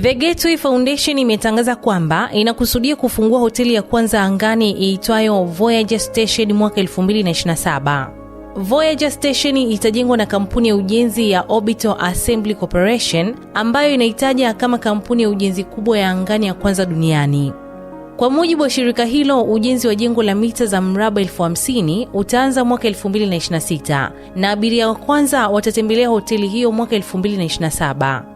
The Gateway Foundation imetangaza kwamba inakusudia kufungua hoteli ya kwanza angani iitwayo Voyager Station mwaka 2027. Voyager Station itajengwa na kampuni ya ujenzi ya Orbital Assembly Corporation ambayo inahitaja kama kampuni ya ujenzi kubwa ya angani ya kwanza duniani. Kwa mujibu wa shirika hilo, ujenzi wa jengo la mita za mraba elfu hamsini utaanza mwaka 2026 na abiria wa kwanza watatembelea hoteli hiyo mwaka 2027.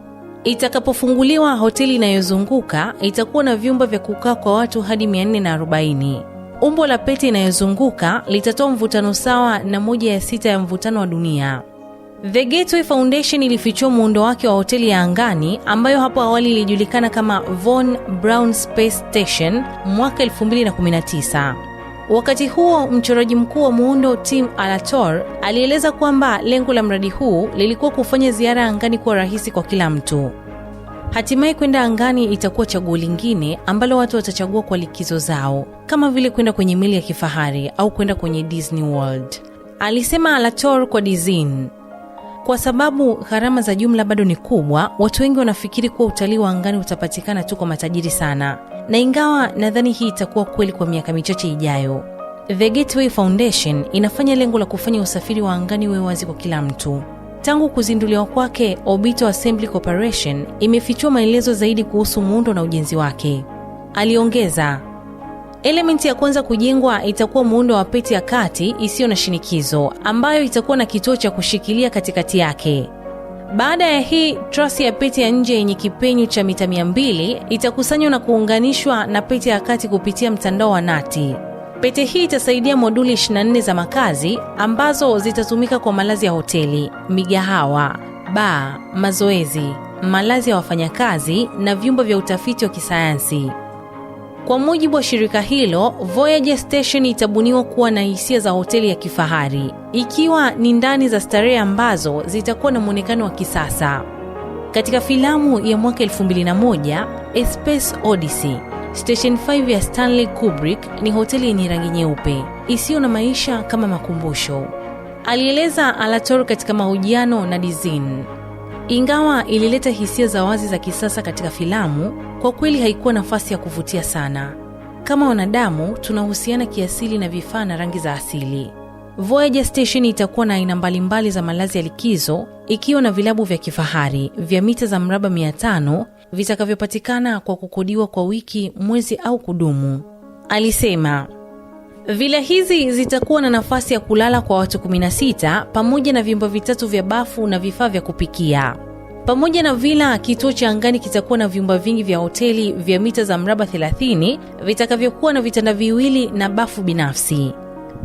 Itakapofunguliwa, hoteli inayozunguka itakuwa na vyumba vya kukaa kwa watu hadi 440. Umbo la pete inayozunguka litatoa mvutano sawa na moja ya sita ya mvutano wa dunia. The Gateway Foundation ilifichua muundo wake wa hoteli ya angani ambayo hapo awali ilijulikana kama Von Braun Space Station mwaka 2019. Wakati huo mchoraji mkuu wa muundo Tim Alator alieleza kwamba lengo la mradi huu lilikuwa kufanya ziara angani kuwa rahisi kwa kila mtu. Hatimaye kwenda angani itakuwa chaguo lingine ambalo watu watachagua kwa likizo zao, kama vile kwenda kwenye meli ya kifahari au kwenda kwenye Disney World, alisema Alator kwa Dizin. Kwa sababu gharama za jumla bado ni kubwa, watu wengi wanafikiri kuwa utalii wa angani utapatikana tu kwa matajiri sana, na ingawa nadhani hii itakuwa kweli kwa miaka michache ijayo, The Gateway Foundation inafanya lengo la kufanya usafiri wa angani uwe wazi kwa kila mtu. Tangu kuzinduliwa kwake, Obito Assembly Corporation imefichua maelezo zaidi kuhusu muundo na ujenzi wake. Aliongeza, Elementi ya kwanza kujengwa itakuwa muundo wa pete ya kati isiyo na shinikizo ambayo itakuwa na kituo cha kushikilia katikati yake. Baada ya hii, trasi ya pete ya nje yenye kipenyo cha mita 200 itakusanywa na kuunganishwa na pete ya kati kupitia mtandao wa nati. Pete hii itasaidia moduli 24 za makazi ambazo zitatumika kwa malazi ya hoteli, migahawa, baa, mazoezi, malazi ya wafanyakazi na vyumba vya utafiti wa kisayansi. Kwa mujibu wa shirika hilo, Voyager Station itabuniwa kuwa na hisia za hoteli ya kifahari, ikiwa ni ndani za starehe ambazo zitakuwa na mwonekano wa kisasa. Katika filamu ya mwaka 2001 A Space Odyssey, Station 5 ya Stanley Kubrick ni hoteli yenye rangi nyeupe isiyo na maisha kama makumbusho, alieleza Alator katika mahojiano na Dizin. Ingawa ilileta hisia za wazi za kisasa katika filamu, kwa kweli haikuwa nafasi ya kuvutia sana. Kama wanadamu tunahusiana kiasili na vifaa na rangi za asili. Voyager Station itakuwa na aina mbalimbali za malazi ya likizo, ikiwa na vilabu vya kifahari vya mita za mraba 500 vitakavyopatikana kwa kukodiwa kwa wiki, mwezi au kudumu, alisema. Vila hizi zitakuwa na nafasi ya kulala kwa watu 16 pamoja na vyumba vitatu vya bafu na vifaa vya kupikia. Pamoja na vila, kituo cha angani kitakuwa na vyumba vingi vya hoteli vya mita za mraba 30 vitakavyokuwa na vitanda viwili na bafu binafsi.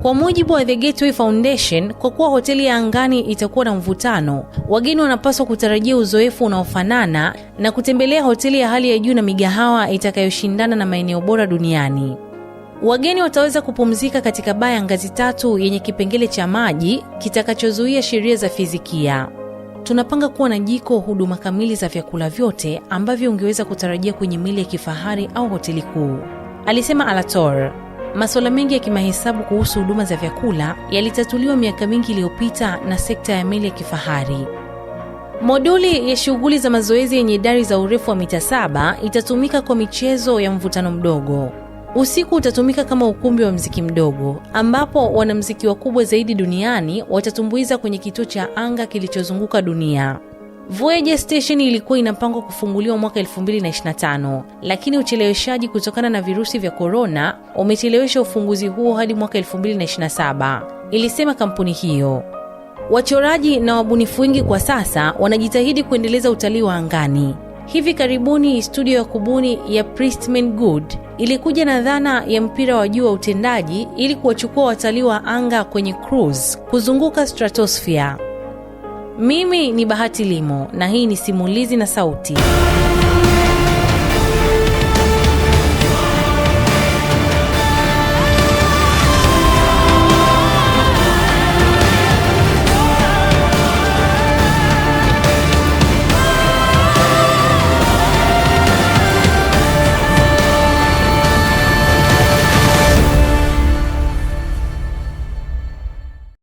Kwa mujibu wa The Gateway Foundation, kwa kuwa hoteli ya angani itakuwa na mvutano, wageni wanapaswa kutarajia uzoefu unaofanana na kutembelea hoteli ya hali ya juu na migahawa itakayoshindana na maeneo bora duniani. Wageni wataweza kupumzika katika baa ya ngazi tatu yenye kipengele cha maji kitakachozuia sheria za fizikia. Tunapanga kuwa na jiko, huduma kamili za vyakula vyote ambavyo ungeweza kutarajia kwenye mili ya kifahari au hoteli kuu, alisema Alator. Masuala mengi ya kimahesabu kuhusu huduma za vyakula yalitatuliwa miaka mingi iliyopita na sekta ya meli ya kifahari. Moduli ya shughuli za mazoezi yenye dari za urefu wa mita saba itatumika kwa michezo ya mvutano mdogo. Usiku utatumika kama ukumbi wa mziki mdogo ambapo wanamziki wakubwa zaidi duniani watatumbuiza kwenye kituo cha anga kilichozunguka dunia. Voyager Station ilikuwa inapangwa kufunguliwa mwaka 2025, lakini ucheleweshaji kutokana na virusi vya korona umechelewesha ufunguzi huo hadi mwaka 2027, ilisema kampuni hiyo. Wachoraji na wabunifu wengi kwa sasa wanajitahidi kuendeleza utalii wa angani Hivi karibuni studio ya kubuni ya Priestman Good ilikuja na dhana ya mpira wa juu wa utendaji ili kuwachukua watalii wa anga kwenye cruise kuzunguka stratosphere. Mimi ni Bahati Limo na hii ni Simulizi na Sauti.